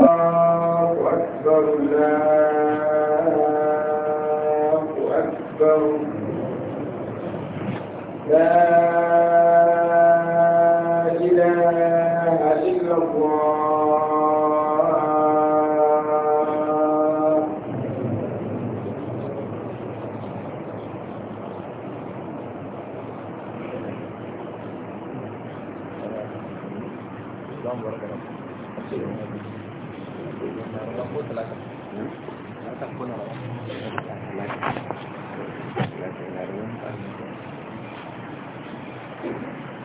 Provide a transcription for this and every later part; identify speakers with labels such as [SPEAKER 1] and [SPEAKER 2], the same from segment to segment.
[SPEAKER 1] الله أكبر الله أكبر لا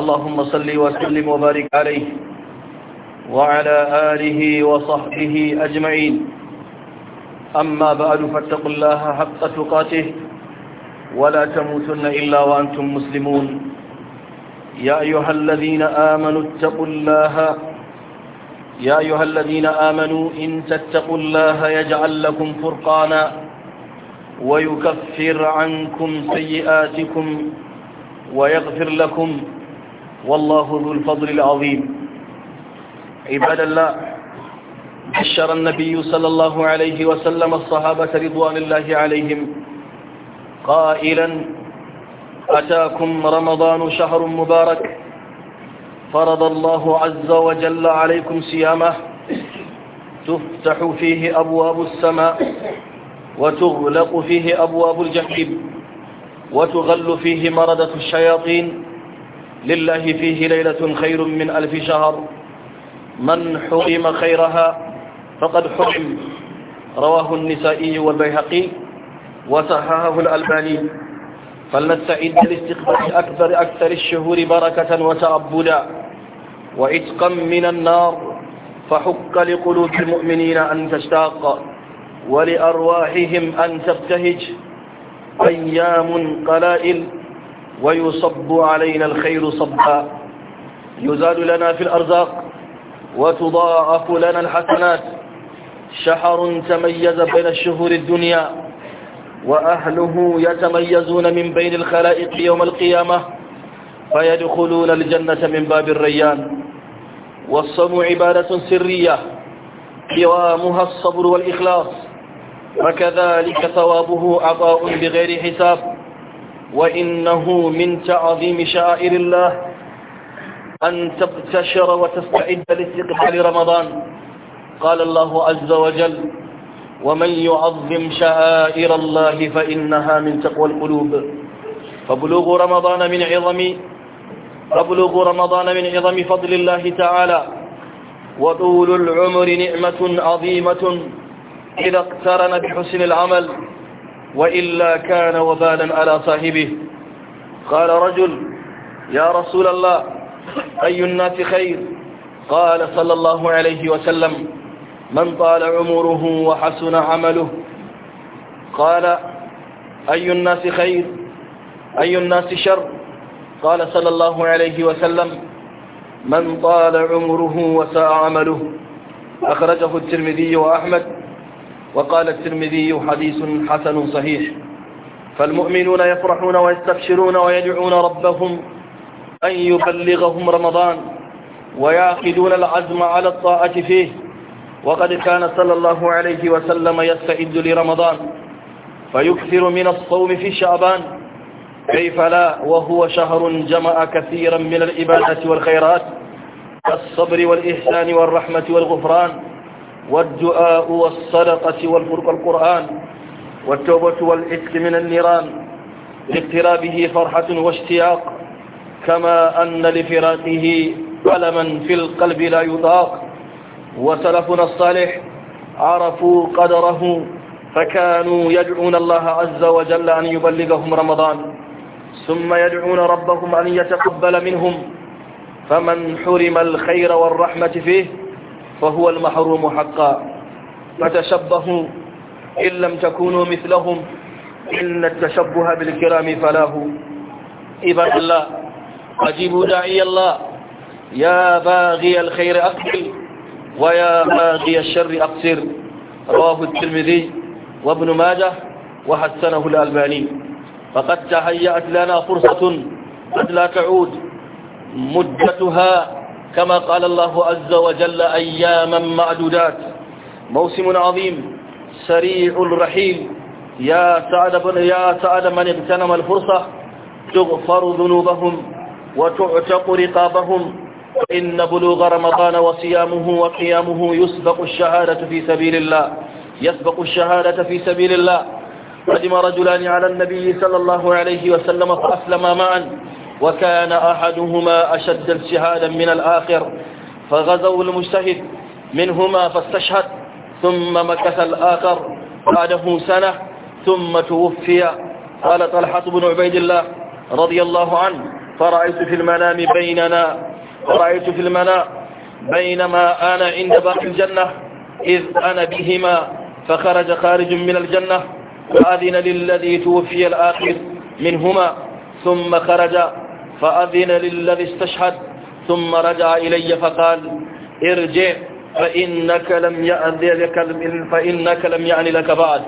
[SPEAKER 1] اللهم صل وسلم وبارك عليه وعلى آله وصحبه أجمعين أما بعد فاتقوا الله حق تقاته ولا تموتن إلا وأنتم مسلمون يا أيها الذين آمنوا اتقوا الله يا أيها الذين آمنوا إن تتقوا الله يجعل لكم فرقانا ويكفر عنكم سيئاتكم ويغفر لكم والله ذو الفضل العظيم عباد الله بشر النبي صلى الله عليه وسلم الصحابة رضوان الله عليهم قائلا أتاكم رمضان شهر مبارك فرض الله عز وجل عليكم صيامه تفتح فيه أبواب السماء وتغلق فيه أبواب الجحيم وتغل فيه مردة الشياطين لله فيه ليلة خير من ألف شهر من حرم خيرها فقد حرم رواه النسائي والبيهقي وصححه الألباني فلنستعد لاستقبال أكثر أكثر الشهور بركة وتعبدا وإتقا من النار فحق لقلوب المؤمنين أن تشتاق ولأرواحهم أن تبتهج أيام قلائل ويصب علينا الخير صبا يزاد لنا في الأرزاق وتضاعف لنا الحسنات شهر تميز بين الشهور الدنيا وأهله يتميزون من بين الخلائق يوم القيامة فيدخلون الجنة من باب الريان والصوم عبادة سرية قوامها الصبر والإخلاص وكذلك ثوابه عطاء بغير حساب وإنه من تعظيم شعائر الله أن تبتشر وتستعد لاستقبال رمضان قال الله عز وجل ومن يعظم شعائر الله فإنها من تقوى القلوب فبلوغ رمضان من عظم فبلوغ رمضان من عظم فضل الله تعالى وطول العمر نعمة عظيمة إذا اقترن بحسن العمل وإلا كان وبالا على صاحبه قال رجل يا رسول الله أي الناس خير قال صلى الله عليه وسلم من طال عمره وحسن عمله قال أي الناس خير أي الناس شر قال صلى الله عليه وسلم من طال عمره وساء عمله أخرجه الترمذي وأحمد وقال الترمذي حديث حسن صحيح فالمؤمنون يفرحون ويستبشرون ويدعون ربهم أن يبلغهم رمضان ويأخذون العزم على الطاعة فيه وقد كان صلى الله عليه وسلم يستعد لرمضان فيكثر من الصوم في شعبان كيف لا وهو شهر جمع كثيرا من العبادة والخيرات كالصبر والإحسان والرحمة والغفران والدعاء والصدقة والفرق القرآن والتوبة والإثم من النيران لاقترابه فرحة واشتياق كما أن لفراقه ألما في القلب لا يطاق وسلفنا الصالح عرفوا قدره فكانوا يدعون الله عز وجل أن يبلغهم رمضان ثم يدعون ربهم أن يتقبل منهم فمن حرم الخير والرحمة فيه فهو المحروم حقا فتشبهوا إن لم تكونوا مثلهم إن التشبه بالكرام فلاه إبا الله أجيبوا داعي الله يا باغي الخير أقبل ويا باغي الشر أقصر رواه الترمذي وابن ماجه وحسنه الألباني فقد تهيأت لنا فرصة قد لا تعود مدتها كما قال الله عز وجل أياما معدودات موسم عظيم سريع الرحيل يا سعد, بن يا سعد من اغتنم الفرصة تغفر ذنوبهم وتعتق رقابهم إن بلوغ رمضان وصيامه وقيامه يسبق الشهادة في سبيل الله يسبق الشهادة في سبيل الله قدم رجلان على النبي صلى الله عليه وسلم فأسلما معا وكان أحدهما أشد اجتهادا من الآخر فغزوا المجتهد منهما فاستشهد ثم مكث الآخر بعده سنة ثم توفي قال طلحة بن عبيد الله رضي الله عنه فرأيت في المنام بيننا فرأيت في المنام بينما أنا عند باب الجنة إذ أنا بهما فخرج خارج من الجنة وأذن للذي توفي الآخر منهما ثم خرج فأذن للذي استشهد ثم رجع إلي فقال ارجع فإنك لم يأذي لك فإنك لم يعني لك بعد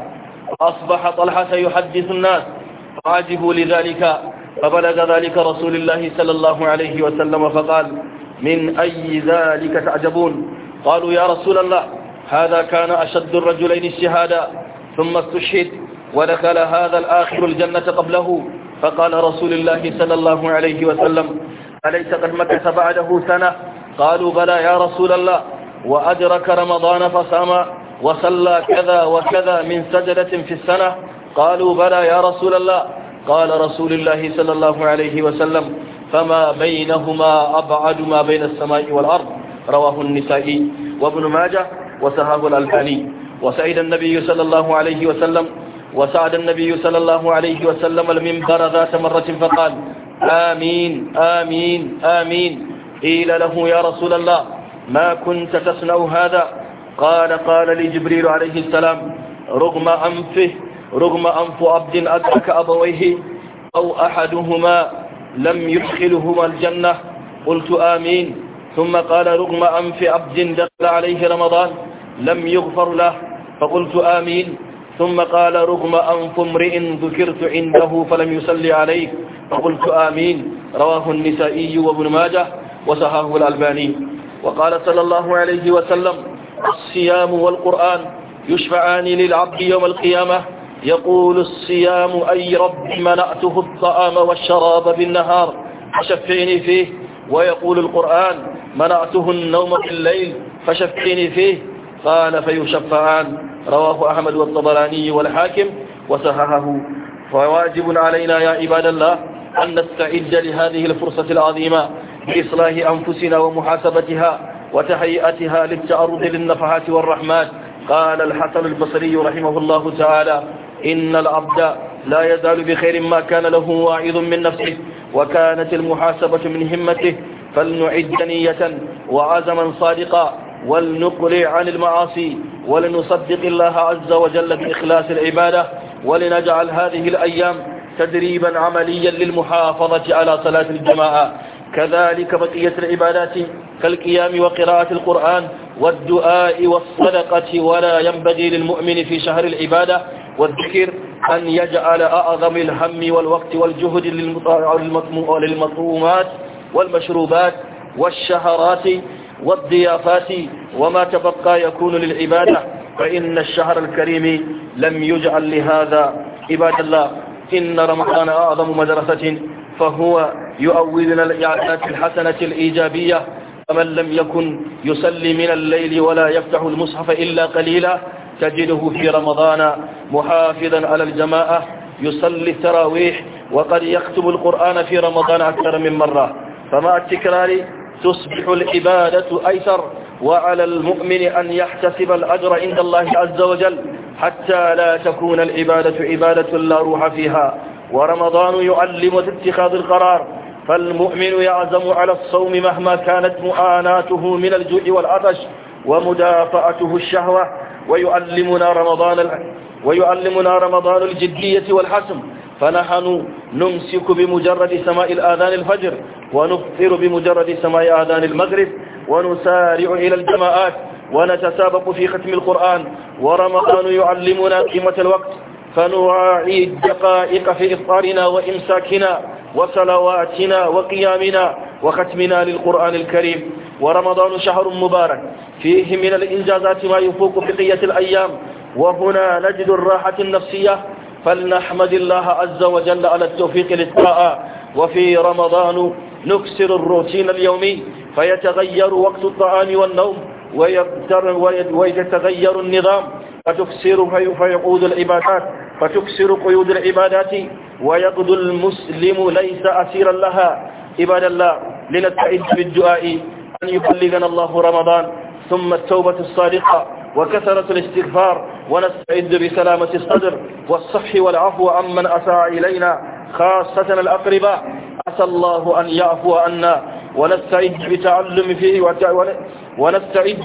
[SPEAKER 1] أصبح طلحة يحدث الناس فعجبوا لذلك فبلغ ذلك رسول الله صلى الله عليه وسلم فقال من أي ذلك تعجبون قالوا يا رسول الله هذا كان أشد الرجلين الشهادة ثم استشهد ودخل هذا الآخر الجنة قبله فقال رسول الله صلى الله عليه وسلم أليس قد مكث بعده سنة قالوا بلى يا رسول الله وأدرك رمضان فصام وصلى كذا وكذا من سجدة في السنة قالوا بلى يا رسول الله قال رسول الله صلى الله عليه وسلم فما بينهما أبعد ما بين السماء والأرض رواه النسائي وابن ماجه وسهاب الألباني وسعيد النبي صلى الله عليه وسلم وسعد النبي صلى الله عليه وسلم المنبر ذات مرة فقال آمين آمين آمين قيل له يا رسول الله ما كنت تصنع هذا قال قال لي جبريل عليه السلام رغم أنفه رغم أنف عبد أدرك أبويه أو أحدهما لم يدخلهما الجنة قلت آمين ثم قال رغم أنف عبد دخل عليه رمضان لم يغفر له فقلت آمين ثم قال رغم أنف امرئ ذكرت عنده فلم يصلي عليه فقلت آمين رواه النسائي وابن ماجه وصححه الألباني وقال صلى الله عليه وسلم الصيام والقرآن يشفعان للعبد يوم القيامة يقول الصيام أي رب منعته الطعام والشراب بالنهار فشفعني فيه ويقول القرآن منعته النوم في الليل فشفعني فيه قال فيشفعان رواه أحمد والطبراني والحاكم وصححه فواجب علينا يا عباد الله أن نستعد لهذه الفرصة العظيمة بإصلاح أنفسنا ومحاسبتها وتهيئتها للتعرض للنفحات والرحمات قال الحسن البصري رحمه الله تعالى إن العبد لا يزال بخير ما كان له واعظ من نفسه وكانت المحاسبة من همته فلنعد نية وعزما صادقا ولنقلع عن المعاصي ولنصدق الله عز وجل بإخلاص العبادة ولنجعل هذه الأيام تدريبا عمليا للمحافظة على صلاة الجماعة كذلك بقية العبادات كالقيام وقراءة القرآن والدعاء والصدقة ولا ينبغي للمؤمن في شهر العبادة والذكر أن يجعل أعظم الهم والوقت والجهد للمطعومات والمشروبات والشهرات والضيافات وما تبقى يكون للعبادة فإن الشهر الكريم لم يجعل لهذا عباد الله إن رمضان أعظم مدرسة فهو يؤولنا الإعادات الحسنة الإيجابية فمن لم يكن يصلي من الليل ولا يفتح المصحف إلا قليلا تجده في رمضان محافظا على الجماعة يصلي التراويح وقد يكتب القرآن في رمضان أكثر من مرة فمع التكرار تصبح العبادة أيسر وعلى المؤمن أن يحتسب الأجر عند الله عز وجل حتى لا تكون العبادة عبادة لا روح فيها ورمضان يعلم اتخاذ القرار فالمؤمن يعزم على الصوم مهما كانت معاناته من الجوع والعطش ومدافعته الشهوة ويعلمنا رمضان ويعلمنا رمضان الجدية والحسم فنحن نمسك بمجرد سماء الآذان الفجر ونفطر بمجرد سماء آذان المغرب ونسارع إلى الجماعات ونتسابق في ختم القرآن ورمضان يعلمنا قيمة الوقت فنراعي الدقائق في إفطارنا وإمساكنا وصلواتنا وقيامنا وختمنا للقرآن الكريم ورمضان شهر مبارك فيه من الإنجازات ما يفوق بقية الأيام وهنا نجد الراحة النفسية فلنحمد الله عز وجل على التوفيق للطاعة وفي رمضان نكسر الروتين اليومي فيتغير وقت الطعام والنوم ويتغير النظام فتكسر فيقود العبادات فتكسر قيود العبادات ويقضي المسلم ليس أسيرا لها عباد الله لنتعد بالدعاء أن يبلغنا الله رمضان ثم التوبة الصادقة وكثرة الاستغفار ونستعد بسلامة الصدر والصح والعفو عمن أساء إلينا خاصة الأقرباء عسى الله أن يعفو عنا ونستعد بتعلم فيه ونستعد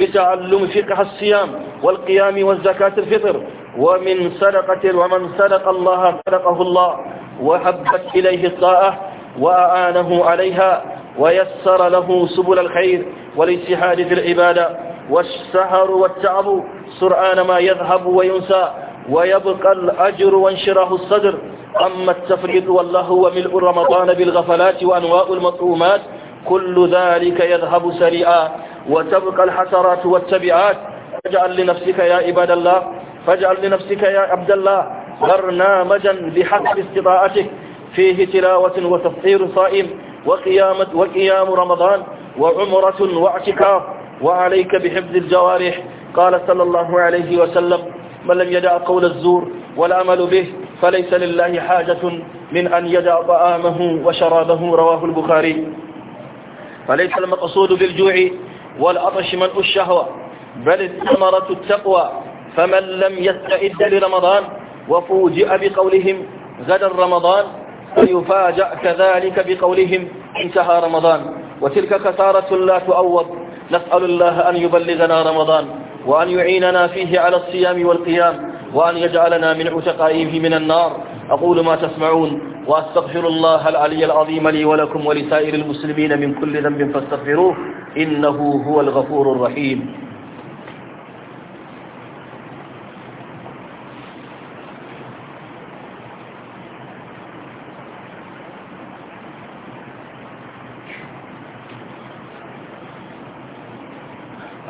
[SPEAKER 1] بتعلم فقه الصيام والقيام والزكاة الفطر ومن صدقة ومن صدق الله صدقه الله وحبت إليه الطاعة وأعانه عليها ويسر له سبل الخير والاتحاد في العبادة والسهر والتعب سرعان ما يذهب وينسى ويبقى الأجر وانشراه الصدر أما التفريط واللهو وملء رمضان بالغفلات وأنواء المطعومات كل ذلك يذهب سريعا وتبقى الحسرات والتبعات فاجعل لنفسك يا عباد الله فاجعل لنفسك يا عبد الله برنامجا بحسب استطاعتك فيه تلاوة وتفطير صائم وقيامة وقيام رمضان وعمرة واعتكاف وعليك بحفظ الجوارح قال صلى الله عليه وسلم من لم يدع قول الزور والعمل به فليس لله حاجة من أن يدع طعامه وشرابه رواه البخاري فليس المقصود بالجوع والعطش من الشهوة بل الثمرة التقوى فمن لم يستعد لرمضان وفوجئ بقولهم غدا رمضان فيفاجأ كذلك بقولهم انتهى رمضان وتلك خسارة لا تعوض نسأل الله أن يبلغنا رمضان وأن يعيننا فيه على الصيام والقيام وأن يجعلنا من عتقائه من النار أقول ما تسمعون وأستغفر الله العلي العظيم لي ولكم ولسائر المسلمين من كل ذنب فاستغفروه إنه هو الغفور الرحيم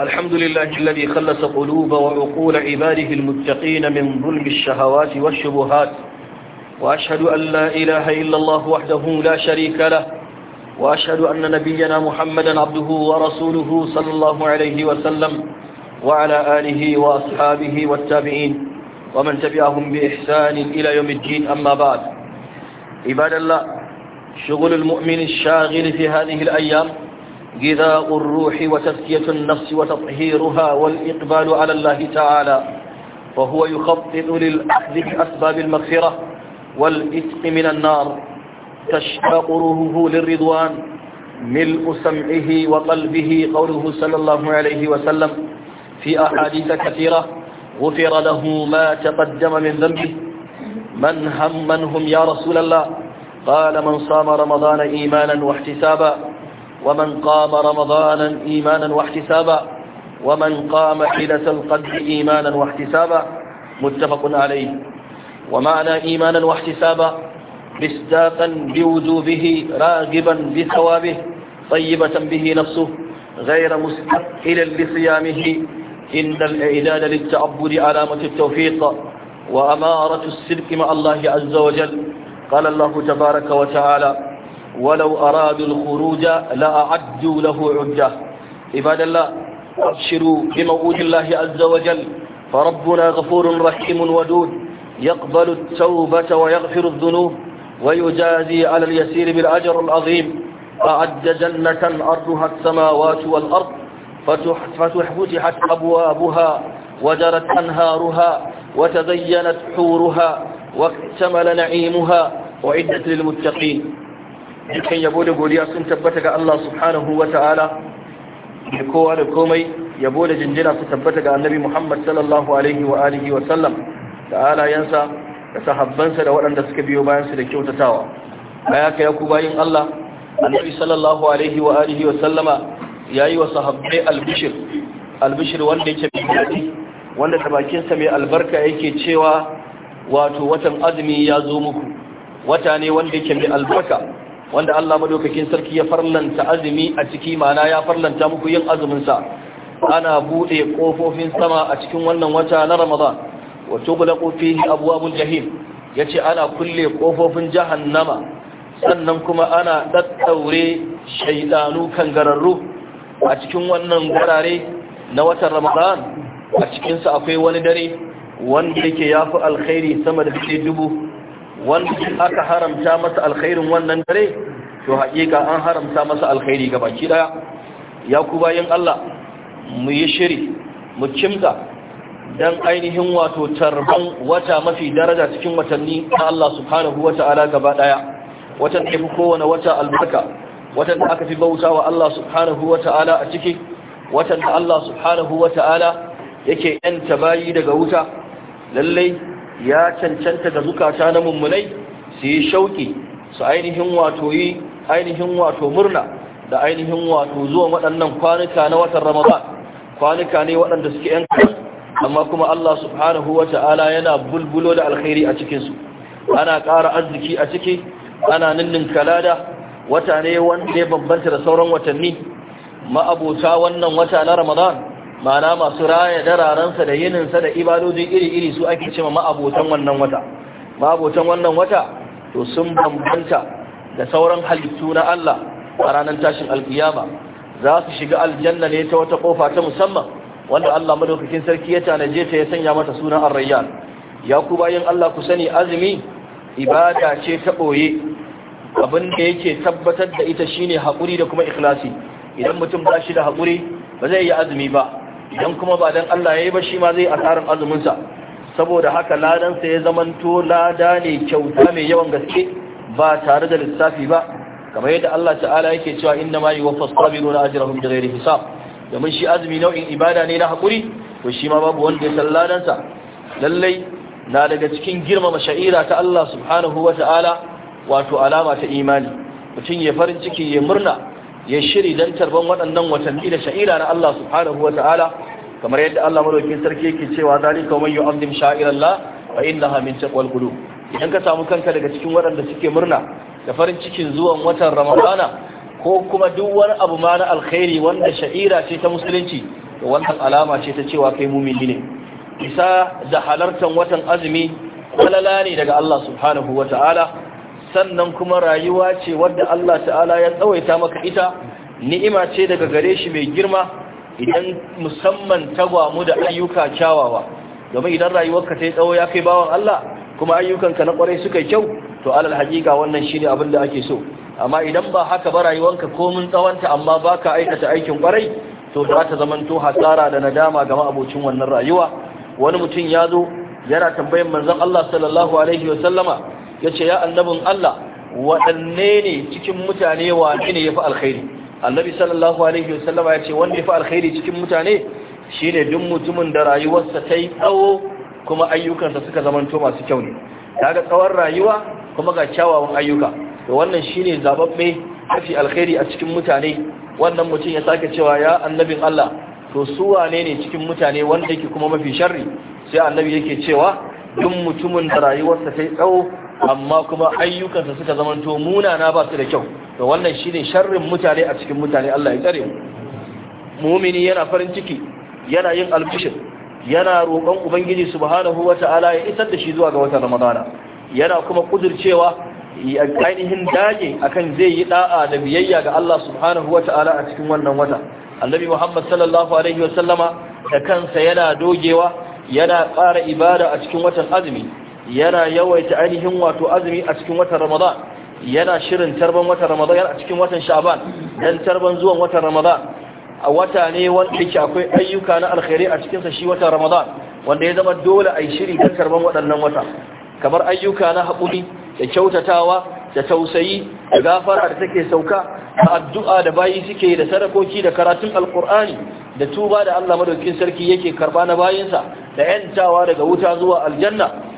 [SPEAKER 1] الحمد لله الذي خلص قلوب وعقول عباده المتقين من ظلم الشهوات والشبهات وأشهد أن لا إله إلا الله وحده لا شريك له وأشهد أن نبينا محمدا عبده ورسوله صلى الله عليه وسلم وعلى آله وأصحابه والتابعين ومن تبعهم بإحسان إلى يوم الدين أما بعد عباد الله شغل المؤمن الشاغل في هذه الأيام غذاء الروح وتزكية النفس وتطهيرها والإقبال على الله تعالى وهو يخطط للأخذ بأسباب المغفرة والإتق من النار تشتاق روحه للرضوان ملء سمعه وقلبه قوله صلى الله عليه وسلم في أحاديث كثيرة غفر له ما تقدم من ذنبه من هم من هم يا رسول الله قال من صام رمضان إيمانا واحتسابا ومن قام رمضانا إيمانا واحتسابا ومن قام حلة القدر إيمانا واحتسابا متفق عليه ومعنى إيمانا واحتسابا مصداقا بوجوبه راغبا بثوابه طيبة به نفسه غير مستقلا لصيامه إن الإعداد للتعبد علامة التوفيق وأمارة السلك مع الله عز وجل قال الله تبارك وتعالى ولو أرادوا الخروج لأعدوا له عجة عباد الله أبشروا بموعود الله عز وجل فربنا غفور رحيم ودود يقبل التوبة ويغفر الذنوب ويجازي على اليسير بالأجر العظيم أعد جنة أرضها السماوات والأرض فتحفتحت أبوابها وجرت أنهارها وتزينت حورها واكتمل نعيمها وعدت للمتقين dukkan yabo da godiya sun tabbata ga Allah subhanahu wa ta'ala da kowa da komai yabo da jinjina su tabbata ga annabi Muhammad sallallahu alaihi wa alihi wa sallam da alayansa da sahabbansa da waɗanda suka biyo bayansu da kyautatawa baya ka yaku bayin Allah annabi sallallahu alaihi wa alihi wa sallama ya yi wa sahabbai albishir albishir wanda yake bidati wanda ta bakinsa mai albarka yake cewa wato watan azumi ya zo muku wata ne wanda yake mai albarka wanda Allah madaukakin sarki ya farlanta azumi a ciki mana ya farlanta muku yin azumin sa ana bude kofofin sama a cikin wannan wata na Ramadan wa tughlaqu fihi abwabul jahim yace ana kulle kofofin jahannama sannan kuma ana daddaure shaydanu kangararru a cikin wannan gurare na watan Ramadan a cikin sa akwai wani dare wanda yake yafi alkhairi sama da dubu wanda aka haramta masa alkhairin wannan dare to haƙiƙa an haramta masa alkhairi ga baki daya ya ku bayan Allah mu yi shiri mu cimta dan ainihin wato tarban wata mafi daraja cikin watanni na Allah subhanahu wata'ala gaba daya Wata da fi kowane wata albarka watan da aka fi bauta wa Allah subhanahu wata'ala a ciki watan da Allah subhanahu wata'ala yake yanta bayi daga wuta lallai ya cancanta da zukata na mummunai su yi shauki su ainihin wato yi ainihin wato murna da ainihin wato zuwa waɗannan kwanuka na watan ramadan kwanuka ne waɗanda suke yan kan amma kuma Allah subhanahu wa ta'ala yana bulbulo da alkhairi a cikinsu ana ƙara arziki a ciki ana ninnin kalada wata ne wanda ya bambanta da sauran watanni ma'abota wannan wata na ramadan ma'ana masu raya dararensa da yininsa da ibadojin iri-iri su ake cewa ma'abotan wannan wata ma'abotan wannan wata to sun bambanta da sauran halittu na Allah a ranar tashin alkiyama za su shiga aljanna ne ta wata ƙofa ta musamman wanda Allah madaukakin sarki ya tanaje ta ya sanya mata sunan ar-rayyan ya ku bayan Allah ku sani azumi ibada ce ta boye abin da yake tabbatar da ita shine hakuri da kuma ikhlasi idan mutum ba shi da hakuri ba zai yi azumi ba idan kuma ba dan Allah yi ba shi ma zai asarin azumin sa saboda haka ladansa ya zamanto lada ne kyauta mai yawan gaske ba tare da lissafi ba kamar yadda Allah ta'ala yake cewa inna ma yuwaffas sabiruna ajrahum bighairi hisab domin shi azumi nau'in ibada ne na hakuri to shi ma babu wanda ya san ladansa. lallai na daga cikin girmama sha'ira ta Allah subhanahu wa ta'ala wato alama ta imani mutum ya farin ciki ya murna ya shiri don tarban waɗannan watanni da sha'ira na Allah subhanahu wata'ala kamar yadda Allah madaukakin sarki yake cewa zalika man yu'azzim sha'irallah wa innaha min taqwal qulub idan ka samu kanka daga cikin waɗanda suke murna da farin cikin zuwan watan ramadana ko kuma duk wani abu ma na alkhairi wanda sha'ira ce ta musulunci to wannan alama ce ta cewa kai mumini ne isa da halartar watan azumi kwalala ne daga Allah subhanahu wata'ala sannan kuma rayuwa ce wadda Allah ta'ala ya tsawaita maka ita ni'ima ce daga gare shi mai girma idan musamman tagwamu da ayyuka kyawawa domin idan rayuwarka ta yi tsawo ya kai bawan Allah kuma ayyukanka na kwarai suka yi kyau to alal hakika wannan shine abin da ake so amma idan ba haka ba rayuwarka komin tsawonta amma baka aikata aikin kwarai to za ta zamanto hasara da nadama ga ma'abocin wannan rayuwa wani mutum ya zo yana tambayar manzon Allah sallallahu alaihi wa sallama ya ce ya annabin Allah waɗanne ne cikin mutane ne ya fi alkhairi annabi sallallahu alaihi wasallama ya ce wanda ya fi alkhairi cikin mutane shine duk mutumin da rayuwarsa ta yi tsawo kuma ayyukansa suka zamanto masu kyau ne kaga tsawon rayuwa kuma ga kyawawan ayyuka to wannan shine zababbe mafi alkhairi a cikin mutane wannan mutum ya sake cewa ya annabin Allah to su wane ne cikin mutane wanda yake kuma mafi sharri sai annabi yake cewa duk mutumin da rayuwarsa ta yi tsawo amma kuma ayyukansa suka zamanto munana ba su da kyau to wannan shine sharrin mutane a cikin mutane Allah ya tsare mu mumini yana farin ciki yana yin albishir yana roƙon ubangiji subhanahu wata'ala ya isar da shi zuwa ga wata ramadana yana kuma kudurcewa kudircewa ainihin dage akan zai yi da'a da biyayya ga Allah subhanahu wata'ala a cikin wannan wata annabi muhammad sallallahu alaihi wa sallama da kansa yana dogewa yana ƙara ibada a cikin watan azumi yana yawaita ainihin wato azumi a cikin watan ramadan yana shirin tarban watan ramadan yana a cikin watan sha'ban dan tarban zuwan watan ramadan a wata ne wanda yake akwai ayyuka na alkhairi a cikinsa shi watan ramadan wanda ya zama dole a yi shiri dan tarban waɗannan wata kamar ayyuka na haƙuri da kyautatawa da tausayi da gafara da take sauka da addu'a da bayi suke da sadakoki da karatun alkur'ani da tuba da allah madaukin sarki yake karba na bayinsa da yantawa daga wuta zuwa aljanna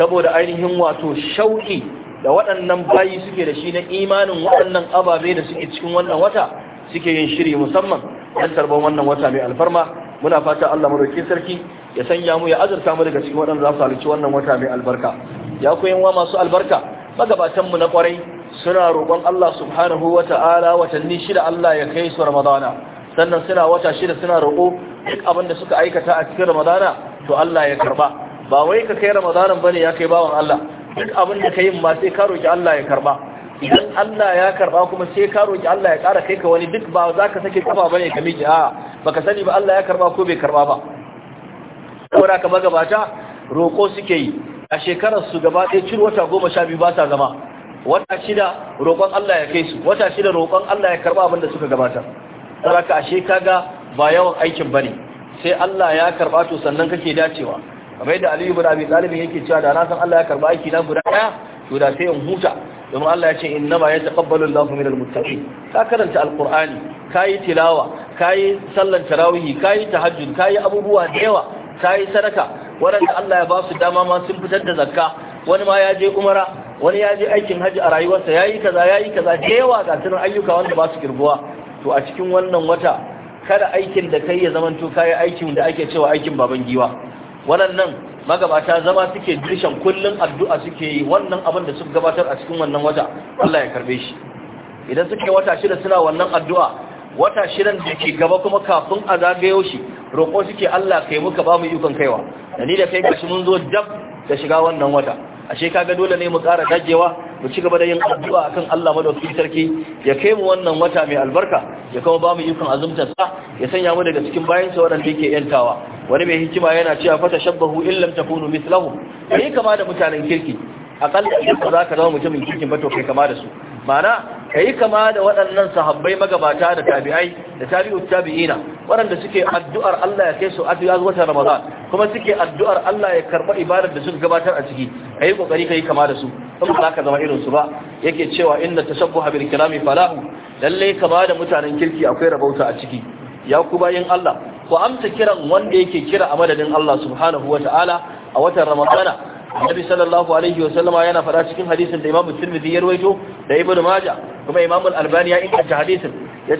[SPEAKER 1] saboda ainihin wato shauƙi da waɗannan bayi suke da shi na imanin waɗannan ababe da suke cikin wannan wata suke yin shiri musamman don tarban wannan wata mai alfarma muna fata Allah madaukakin sarki ya sanya mu ya azurta mu daga cikin waɗanda za su halarci wannan wata mai albarka ya koyan wa masu albarka magabatan mu na kwarai suna roƙon Allah subhanahu wa ta'ala watanni shida Allah ya kai su Ramadana sannan suna wata shida suna roƙo duk abin da suka aikata a cikin Ramadana to Allah ya karba ba wai ka kai ramadanin bane ya kai bawan Allah duk abin da ka ma sai ka roki Allah ya karba idan Allah ya karba kuma sai ka roki Allah ya kara kai ka wani duk ba za ka sake kafa bane ka miji a baka sani ba Allah ya karba ko bai karba ba saboda ka magabata roko suke yi a shekarar su gaba ɗaya cin wata goma sha biyu ba sa zama wata shida roƙon Allah ya kai su wata shida roƙon Allah ya karba abin da suka gabata. saboda ka ashe kaga ba yawan aikin bane sai Allah ya karba to sannan kake dacewa kamar da aliyu bin abi talib yake cewa da na san Allah ya karba aiki na guda daya to da sai in huta domin Allah ya ce inna ma yataqabbalu Allahu minal muttaqin ka karanta alqur'ani kayi tilawa kayi sallan tarawih kayi tahajjud kayi abubuwa da yawa kayi sadaka Wadanda Allah ya ba su dama ma sun fitar da zakka wani ma ya je umara wani ya je aikin haji a rayuwarsa yayi kaza yayi kaza da yawa ga tunan ayyuka wanda ba su kirguwa to a cikin wannan wata kada aikin da kai ya zamanto kayi aikin da ake cewa aikin baban giwa waɗannan magabata zama suke dirshan kullum addu'a suke yi wannan abin da suka gabatar a cikin wannan wata Allah ya karbe shi idan suke wata shida suna wannan addu'a wata shidan da ke gaba kuma kafin a zagayo shi roƙo suke Allah kai muka ba mu ikon kaiwa da ni da kai gashi mun zo dab da shiga wannan wata ashe kaga dole ne mu ƙara dajewa mu ci gaba da yin addu'a akan Allah madaukakin sarki ya kai mu wannan wata mai albarka ya kuma ba mu ikon azumtar sa ya sanya mu daga cikin bayan sa wadanda yake yantawa wani mai hikima yana cewa fa tashabbahu illam takunu mithlahu kai kama da mutanen kirki akalla idan ba za ka zama mutumin kirkin ba to kai kama da su ma'ana kayi kama da waɗannan sahabbai magabata da tabi'ai da tabi'ut tabi'ina waɗanda suke addu'ar Allah ya kai su addu'a watan Ramadan kuma suke addu'ar Allah ya karba ibadar da suka gabatar a ciki kayi kokari kayi kama da su kuma ba ka zama irin su ba yake cewa inna tashabbuha bil kirami falahu lalle kama da mutanen kirki akwai rabauta a ciki ya ku Allah ku amsa kiran wanda yake kira a madadin Allah subhanahu ta'ala a watan Ramadana Nabi sallallahu alaihi wa sallama yana faɗa cikin hadisin da Imam Tirmidhi ya rawaito da Ibn Majah kuma imam al-albani ya inganta hadisin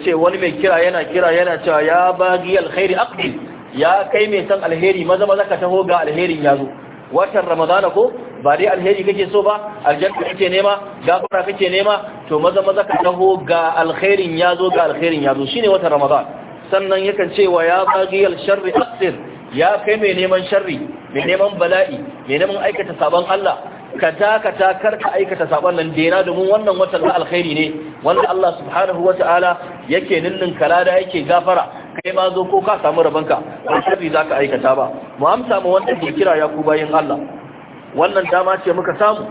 [SPEAKER 1] ce wani mai kira yana kira yana cewa ya bagi alkhairi aqbil ya kai mai san alheri maza maza ka taho ga alherin yazo watan ramadana ko ba dai alheri kake so ba aljanna kake nema gafara kake nema to maza maza ka taho ga alkhairin yazo ga alkhairin yazo shine watan ramadan sannan yakan cewa ya bagi alsharri aqsir ya kai mai neman sharri mai neman bala'i mai neman aikata sabon Allah ka dakata kar ka aikata saban nan dena domin wannan watan na alkhairi ne wanda Allah subhanahu ta'ala yake ninnin kalada yake gafara kai ma zo ko ka samu rabanka ba sharri zaka aikata ba mu amsa ma wanda ke kira ya ku bayan Allah wannan dama ce muka samu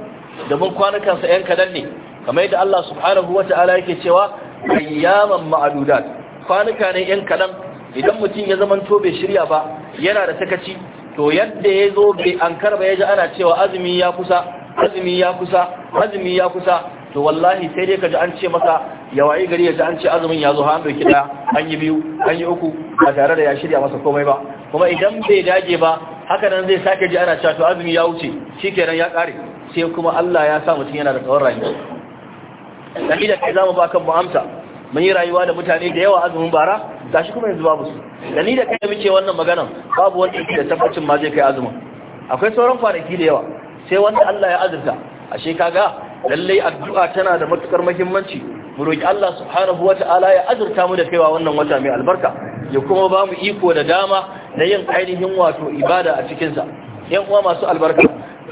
[SPEAKER 1] domin kwanukan sa yan kadan ne kamar yadda Allah subhanahu ta'ala yake cewa ayyaman ma'adudat kwanuka ne yan kadan idan mutum ya zamanto bai shirya ba yana da takaci to yadda ya zo bai an karba ya ji ana cewa azumi ya kusa azumi ya kusa azumi ya kusa to wallahi sai dai ka ji an ce masa ya wayi gari ya ji an ce azumin ya zo hannu doki daya an yi biyu an yi uku a tare da ya shirya masa komai ba kuma idan bai dage ba haka nan zai sake ji ana cewa to azumi ya wuce shikenan ya kare sai kuma Allah ya sa mutum yana da tsawon rayuwa dalilin da zamu ba kan mu amsa mun yi rayuwa da mutane da yawa azumin bara gashi kuma yanzu babu su da ni da kai muke wannan magana babu wanda yake da tabbacin ma zai kai azumin akwai sauran kwanaki da yawa sai wanda Allah ya azurta ashe kaga lalle addu'a tana da matukar muhimmanci mu roki Allah subhanahu wata'ala ya azurta mu da kaiwa wannan wata mai albarka ya kuma ba mu iko da dama na yin ainihin wato ibada a cikin sa yan uwa masu albarka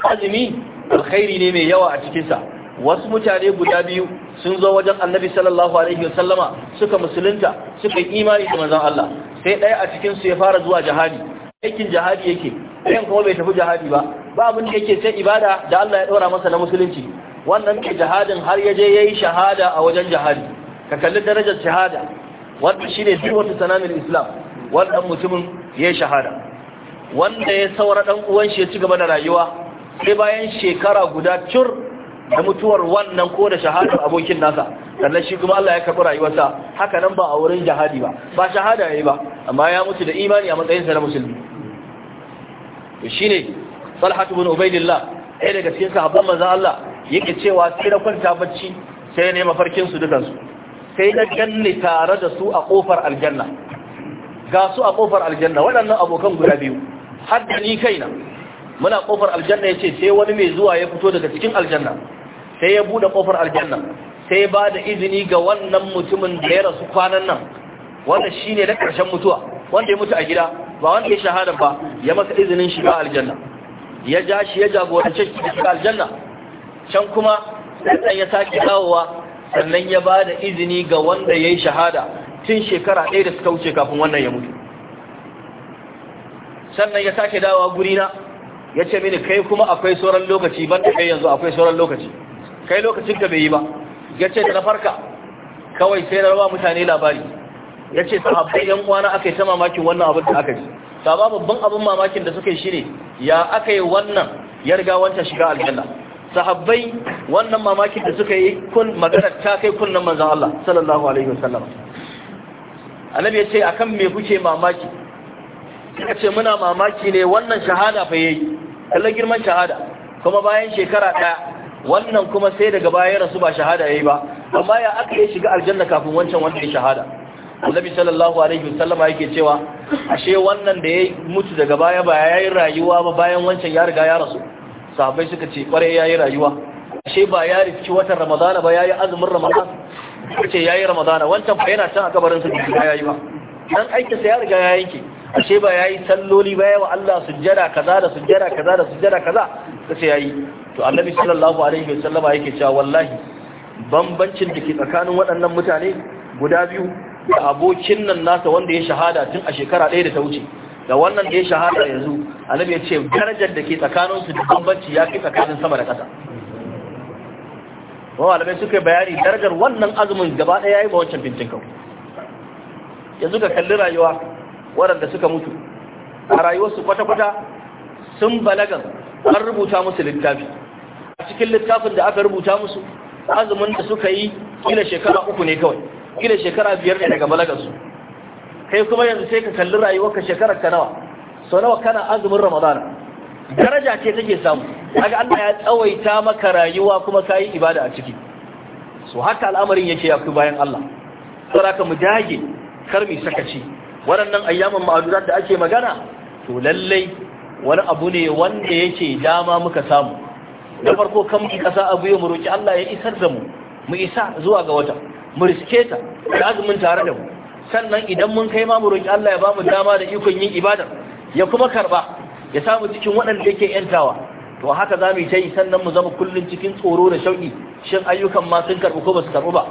[SPEAKER 1] azumi alkhairi ne mai yawa a cikin sa wasu mutane guda biyu sun zo wajen annabi sallallahu alaihi wasallama suka musulunta suka yi imani da manzon Allah sai ɗaya a cikin su ya fara zuwa jihadi aikin jihadi yake ɗayan kuma bai tafi jihadi ba ba abin da yake sai ibada da Allah ya ɗora masa na musulunci wannan ke jihadin har ya je ya yi shahada a wajen jihadi ka kalli darajar shahada wanda shine duk wata sanamin islam wannan mutumin ya yi shahada wanda ya saura ɗan uwan shi ya ci gaba da rayuwa sai bayan shekara guda cur da mutuwar wannan ko da shahadar abokin nasa sannan shi kuma Allah ya karɓi rayuwarsa haka nan ba a wurin jihadi ba ba shahada yayi ba amma ya mutu da imani a matsayin sa na musulmi to shine Talha ibn Ubaydillah eh daga cikin sahabban manzo Allah yake cewa sai na kwanta bacci sai ne mafarkin su dukan su sai na ganni tare da su a kofar aljanna ga su a kofar aljanna waɗannan abokan guda biyu har da ni kaina muna kofar aljanna yace sai wani mai zuwa ya fito daga cikin aljanna sai ya bude kofar aljanna sai ba da izini ga wannan mutumin da ya rasu kwanan nan wanda shine na karshen mutuwa wanda ya mutu a gida ba wanda ya shahada ba ya masa izinin shiga aljanna ya ja shi ya jagorance shiga aljanna can kuma sai ya sake dawowa sannan ya ba da izini ga wanda ya yi shahada tun shekara ɗaya da suka wuce kafin wannan ya mutu sannan ya sake dawowa gurina ya ce mini kai kuma akwai sauran lokaci ban da kai yanzu akwai sauran lokaci kai lokacin ka bai yi ba ya ce da na farka kawai sai na mutane labari ya ce sahabbai yan kwana aka yi ta mamakin wannan abin da aka ji saba babban abin mamakin da suka yi shi ne ya aka yi wannan ya riga wancan shiga aljanna sahabbai wannan mamakin da suka yi kun magana ta kai kunnan manzon Allah sallallahu alaihi wasallam annabi ya ce akan me kuke mamaki Ya ce muna mamaki ne wannan shahada fa yayi kallon girman shahada kuma bayan shekara ɗaya wannan kuma sai daga baya rasu ba shahada yayi ba amma ya aka yi shiga aljanna kafin wancan wanda ya shahada Annabi sallallahu alaihi wasallama yake cewa ashe wannan da ya mutu daga baya ba yayi rayuwa ba bayan wancan ya riga ya rasu sahabbai suka ce kware yayi rayuwa ashe ba ya riski watan ramadana ba yayi azumin ramadan ce yayi ramadana wancan fa yana can a kabarin sa ba yayi ba dan aiki sai ya riga ya yanke ashe ba yayi salloli ba yayi wa Allah sujjada kaza da sujjada kaza da sujjada kaza sai yayi to annabi sallallahu alaihi wasallam yake cewa wallahi bambancin da ke tsakanin waɗannan mutane guda biyu da abokin nan nasa wanda ya shahada tun a shekara ɗaya da ta wuce da wannan da ya shahada yanzu annabi ya ce darajar da ke tsakanin su da bambanci ya fi tsakanin sama da ƙasa wa malamai suka bayani darajar wannan azumin gaba ɗaya yayi ba wancan bincin kau yanzu ka kalli rayuwa waɗanda suka mutu a rayuwarsu kwata-kwata sun balagan an rubuta musu littafi a cikin littafin da aka rubuta musu azumin da suka yi kila shekara uku ne kawai kila shekara biyar ne daga balagarsu kai kuma yanzu sai ka kalli rayuwarka shekarar ka nawa so nawa kana azumin ramadana daraja ce take samu kaga Allah ya tsawaita maka rayuwa kuma kayi ibada a ciki so haka al'amarin yake ya fi bayan Allah saboda mu dage kar mu sakaci waɗannan ayyamin ma'adurat da ake magana to lallai wani abu ne wanda yake dama muka samu da farko kan mu kasa abu ya mu roki Allah ya isar da mu mu isa zuwa ga wata mu riske ta da azumin tare da mu sannan idan mun kai ma mu roki Allah ya ba mu dama da ikon yin ibada ya kuma karba ya samu cikin waɗanda yake yantawa to haka za mu yi sannan mu zama kullum cikin tsoro da shauki shin ayyukan ma sun karbu ko ba su karbu ba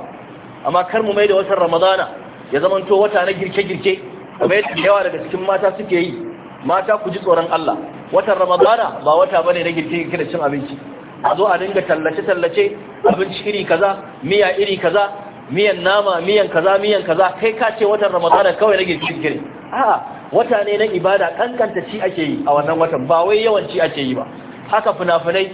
[SPEAKER 1] amma kar mu mai da watan ramadana ya zamanto wata na girke-girke kuma yadda yawa daga cikin mata suke yi mata ku ji tsoron Allah watan ramadana ba wata bane na girki da cin abinci a zo a dinga tallace tallace abinci iri kaza miya iri kaza miyan nama miyan kaza miyan kaza kai ka ce watan ramadana kawai na girki a'a wata ne na ibada kankanta ci ake yi a wannan watan ba wai yawanci ake yi ba haka fina-finai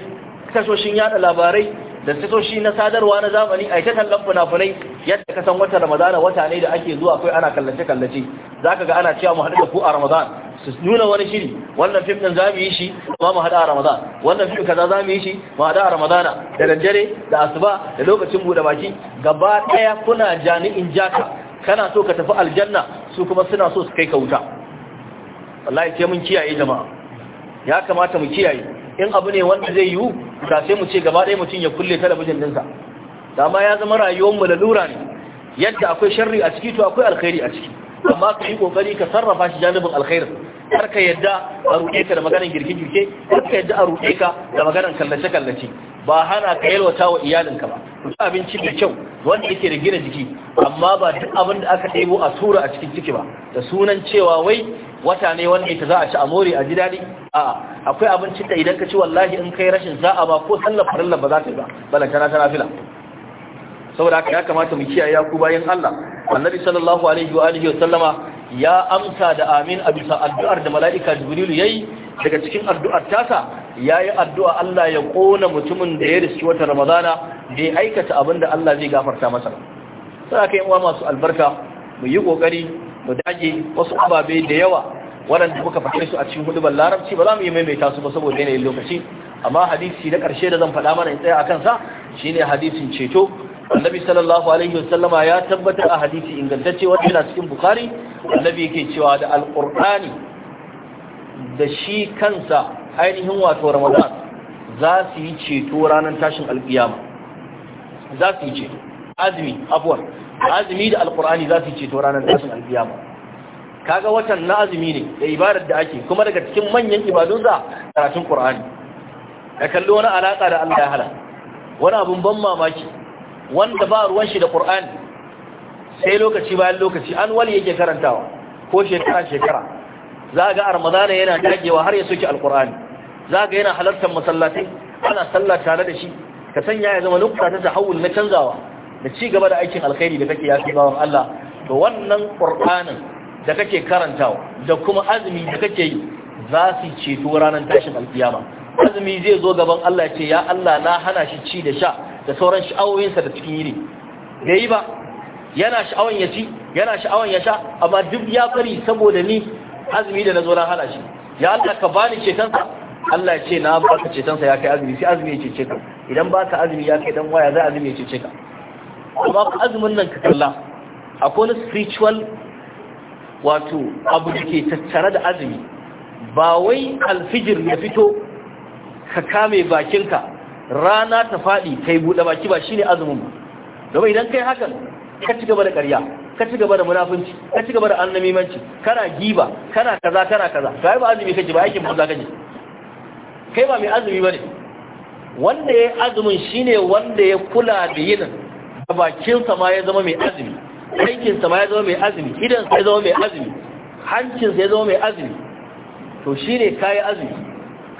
[SPEAKER 1] tashoshin yada labarai da sitoshi na sadarwa na zamani a ita kallon funafunai yadda ka san wata ramadana wata ne da ake zuwa kai ana kallace kallace ka ga ana cewa mu haɗu da ku a ramadan su nuna wani shiri wannan fim za mu yi shi ma mu haɗu a ramadan wannan fim kaza mu yi shi mu haɗu a ramadana da daddare da asuba da lokacin buɗe baki gaba ɗaya kuna jani'in jaka kana so ka tafi aljanna su kuma suna so su kai ka wuta wallahi sai mun kiyaye jama'a ya kamata mu kiyaye in abu ne wanda zai yiwu da sai mu ce gaba ɗaya mutum ya kulle talabijin ɗinsa. dama ya zama rayuwar mu lalura ne yadda akwai sharri a ciki to akwai alkhairi a ciki amma ka yi kokari ka sarrafa shi janibin alkhairin karka yadda a ruɗe ka da maganar girke-girke ka yadda a ruɗe ka da maganar kallace-kallace ba hana ka yalwata wa iyalinka ba ku ci abinci mai kyau wanda yake da gina jiki amma ba duk abin da aka ɗebo a tura a cikin ciki ba da sunan cewa wai wata ne wanda ita za a ci a more a ji daɗi a akwai abincin da idan ka ci wallahi in kai rashin sa'a ba ko sallar farilla ba za ta yi ba balantana ta nafila saboda haka ya kamata mu kiyaye ku bayan Allah annabi sallallahu alaihi wa alihi wa sallama ya amsa da amin a bisa addu'ar da mala'ika jibrilu yayi daga cikin addu'ar tasa yi addu'a Allah ya ƙona mutumin da ya riski wata ramadana ya aikata abin da Allah zai gafarta masa sai kai yi masu albarka mu yi ƙoƙari mu dage wasu ababe da yawa waɗanda muka faɗe su a cikin hudubar larabci ba za mu yi maimaita su ba saboda yanayin lokaci amma hadisi na ƙarshe da zan faɗa mana in tsaya akan sa shine hadisin ceto annabi sallallahu alaihi wasallama ya tabbatar a hadisi ingantacce wanda yana cikin bukhari annabi yake cewa da alqur'ani da shi kansa ainihin wato ramadan za su yi ceto ranar tashin alkiyama za su yi ceto azumi afwan azumi da alqur'ani za su yi ceto ranar tashin alkiyama kaga watan na azumi ne da ibadar da ake kuma daga cikin manyan ibadun za karatun qur'ani ka kalli wani alaka da Allah ya hala wani abun ban mamaki wanda ba ruwan shi da Qur'ani sai lokaci bayan lokaci an wali yake karantawa ko shekara shekara za ga Ramadan yana dagewa har ya soki Al-Qur'ani za ga yana halartar masallatai ana sallah tare da shi ka sanya ya zama nukta ta tahawul na canzawa da ci gaba da aikin alkhairi da kake yafi bawan Allah to wannan Qur'anin da kake karantawa da kuma azumi da kake yi za su ceto ranar tashin alkiyama azumi zai zo gaban Allah ce ya Allah na hana shi ci da sha da sauran sha'awoyinsa da ne bai yi ba yana sha'awan ya ci yana sha'awan ya sha amma duk ya bari saboda ni azumi da na zo na hana shi ya Allah ka bani cetonsa Allah ya ce na baka cetonsa ya kai azumi sai azumi ya cece ka idan baka azumi ya kai dan waya zai azumi ya cece ka amma azumin nan ka kalla akwai wani spiritual wato abu da ke tattare da azumi ba wai alfijir ya fito ka kame bakinka rana ta faɗi kai buɗe baki ba shine azumin ba domin idan kai hakan ka ci gaba da ƙarya ka ci gaba da munafunci ka ci gaba da annamimanci kana giba kana kaza kana kaza kai ba azumi kake ba aikin banza kake kai ba mai azumi bane wanda ya azumin shine wanda ya kula da yin bakin sa ma ya zama mai azumi aikin sa ma ya zama mai azumi idan sa ya zama mai azumi hancin sa ya zama mai azumi to shine kai azumi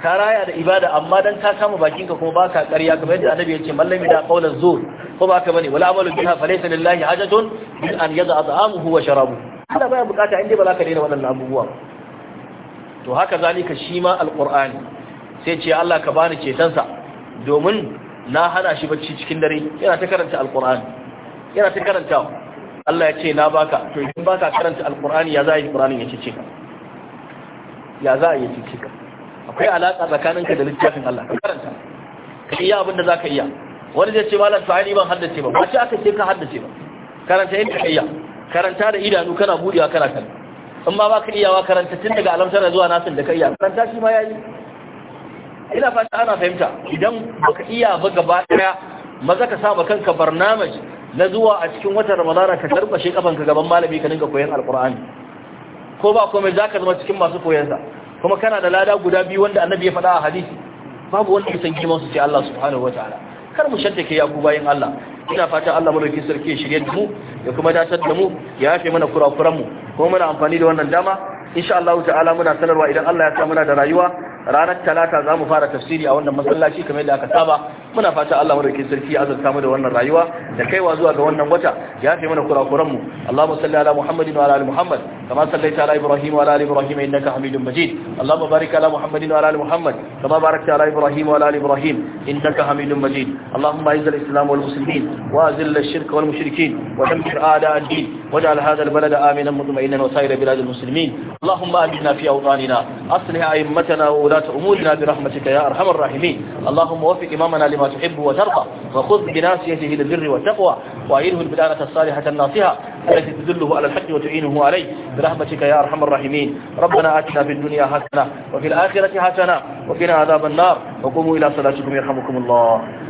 [SPEAKER 1] ka raya da ibada amma dan ka kama bakinka kuma baka ƙarya kamar yadda annabi yace mallami da qaulaz zur ko baka bane wala amalu biha falaysa lillahi hajatun in an yada at'amuhu wa sharabu Allah baya bukata inda baza ka daina waɗannan abubuwa to haka zalika shi ma alqur'ani sai ce Allah ka bani cetonsa domin na hana shi bacci cikin dare yana ta karanta alqur'ani yana ta karanta Allah ya ce na baka to idan baka karanta alqur'ani ya za yi qur'anin ya ce ka ya za a yi cece akwai alaka tsakaninka da littafin Allah ka karanta ka iya abin da za ka iya wani zai ce malam sa'ani ban haddace ba ba ce aka ce ka haddace ba karanta yadda ka iya karanta da idanu kana budewa kana kan in ma ba ka iyawa karanta tun daga da zuwa nasin da ka iya karanta shi ma yayi ina fata ana fahimta idan baka iya ba gaba daya maza ka saba kanka barnamij na zuwa a cikin watan ramadana ka karbashe kafanka gaban malami ka dinga koyon alqur'ani ko ba komai zaka zama cikin masu koyon sa kuma kana da lada guda biyu wanda annabi ya faɗa a hadisi babu wanda ya san girman su sai Allah subhanahu wataala kar mu shattake ya ku Allah ina fata Allah madauki sarki ya shirye mu ya kuma datar da mu ya yafe mana kurakuran mu kuma muna amfani da wannan dama insha Allah ta'ala muna sanarwa idan Allah ya sa muna da rayuwa ranar talata za mu fara tafsiri a wannan masallaci kamar yadda aka saba muna fata Allah madaukakin sarki ya azurta mu da wannan rayuwa da kaiwa zuwa ga wannan wata ya fi mana kurakuran mu Allahumma salli ala Muhammadin wa ala ali Muhammad kama sallaita ala Ibrahim wa ala ali Ibrahim innaka Hamidum Majid Allahumma barik ala Muhammadin wa ala ali Muhammad kama barakta ala Ibrahim wa ala ali Ibrahim innaka Hamidum Majid Allahumma izz al-islam wal muslimin wa azil ash-shirk wal mushrikeen wa dammir a'da ad-din waj'al hadha al-balad aminan mutma'innan wa sa'ira bilad al-muslimin Allahumma amina fi awtanina aslih a'immatana wa ulat umurina bi rahmatika ya arhamar rahimin Allahumma waffiq imamana lima تحب وترقى وخذ بناصيته للبر والتقوى وأعينه البدانة الصالحة الناصحة التي تدله على الحق وتعينه عليه برحمتك يا أرحم الراحمين ربنا آتنا في الدنيا حسنة وفي الآخرة حسنة وقنا عذاب النار وقوموا إلى صلاتكم يرحمكم الله